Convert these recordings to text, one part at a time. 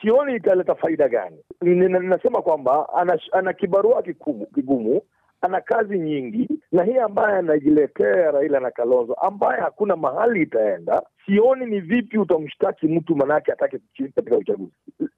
sioni italeta faida gani. Ninasema kwamba ana, ana kibarua kigumu ana kazi nyingi, na hii ambaye anajiletea Raila na Kalonzo ambaye hakuna mahali itaenda, sioni ni vipi utamshtaki mtu manake atake kushiriki katika uchaguzi.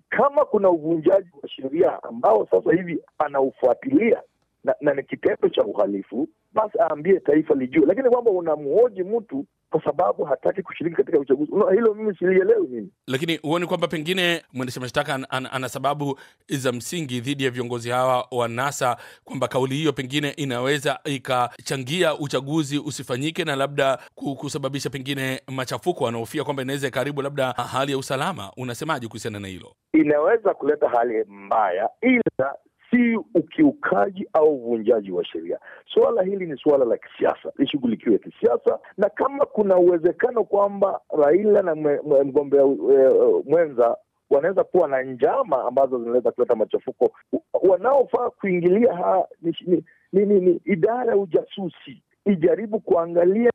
Kama kuna uvunjaji wa sheria ambao sasa hivi anaufuatilia na, na ni kitendo cha uhalifu, basi aambie taifa lijue, lakini kwamba unamhoji mtu kwa sababu hataki kushiriki katika uchaguzi. Hilo mimi silielewi mimi. Lakini huoni kwamba pengine mwendesha mashtaka an, an, ana sababu za msingi dhidi ya viongozi hawa wa NASA, kwamba kauli hiyo pengine inaweza ikachangia uchaguzi usifanyike na labda kusababisha pengine machafuko, anahofia kwamba inaweza ikaharibu labda hali ya usalama. Unasemaje kuhusiana na hilo? Inaweza kuleta hali mbaya, ila si ukiukaji au uvunjaji wa sheria. Suala hili ni suala la kisiasa, lishughulikiwe kisiasa, na kama kuna uwezekano kwamba Raila na mgombea e, mwenza wanaweza kuwa na njama ambazo zinaweza kuleta machafuko, wanaofaa kuingilia ha, ni, ni, ni, ni, ni idara ya ujasusi ijaribu kuangalia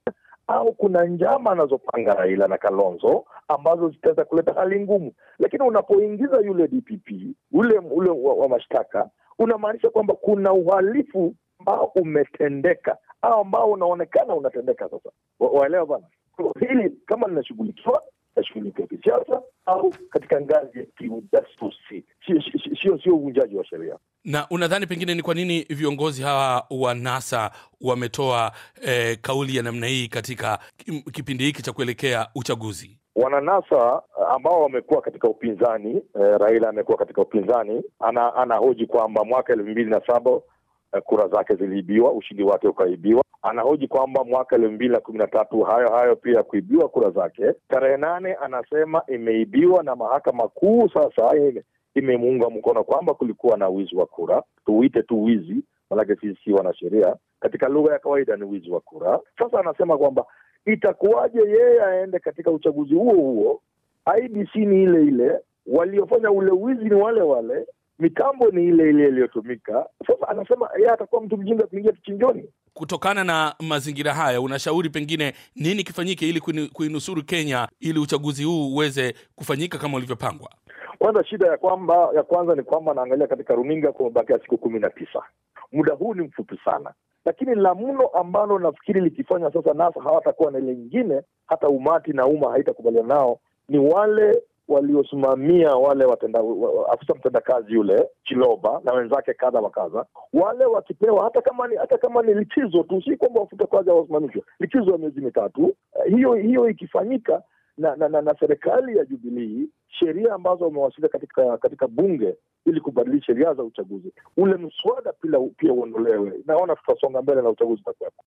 au kuna njama anazopanga Raila na Kalonzo ambazo zitaweza kuleta hali ngumu, lakini unapoingiza yule DPP ule ule wa, wa mashtaka unamaanisha kwamba kuna uhalifu ambao umetendeka au ambao unaonekana unatendeka sasa. Waelewa bana, hili kama linashughulikiwa nashughulikiwa kisiasa au katika ngazi ya kiujasusi, sio uvunjaji wa sheria. Na unadhani pengine ni kwa nini viongozi hawa wa NASA wametoa eh, kauli ya namna hii katika kipindi hiki cha kuelekea uchaguzi? wananasa ambao wamekuwa katika upinzani eh, Raila amekuwa katika upinzani, ana anahoji kwamba mwaka elfu mbili na saba eh, kura zake ziliibiwa, ushindi wake ukaibiwa. Anahoji kwamba mwaka elfu mbili na kumi na tatu hayo hayo pia kuibiwa kura zake. Tarehe nane anasema imeibiwa na mahakama kuu sasa eh, imemuunga mkono kwamba kulikuwa na wizi wa kura. Tuuite tu wizi, manake sisi si wanasheria, katika lugha ya kawaida ni wizi wa kura. Sasa anasema kwamba itakuwaje yeye aende katika uchaguzi huo huo, IBC ni ile ile, waliofanya ule wizi ni wale wale, mitambo ni ile ile iliyotumika. Sasa anasema yeye atakuwa mtu mjinga kuingia kichinjoni. Kutokana na mazingira haya, unashauri pengine nini kifanyike ili kuinusuru Kenya ili uchaguzi huu uweze kufanyika kama ulivyopangwa? Kwanza, shida ya kwamba ya kwanza ni kwamba anaangalia katika runinga, kumebakia siku kumi na tisa muda huu ni mfupi sana, lakini la mno ambalo nafikiri likifanya sasa NASA hawatakuwa na lengine nyingine, hata umati na umma haitakubaliana nao, ni wale waliosimamia wale watenda, afisa mtendakazi yule Chiloba na wenzake kadha wa kadha, wale wakipewa hata kama ni hata kama ni likizo tu, si kwamba wafuta kazi hawasimamishwe, likizo ya miezi mitatu. Eh, hiyo hiyo ikifanyika na, na, na, na serikali ya Jubilii, sheria ambazo wamewasilia katika katika bunge ili kubadilisha sheria za uchaguzi. Ule mswada pia uondolewe, naona tutasonga mbele na uchaguzi utakuwepo.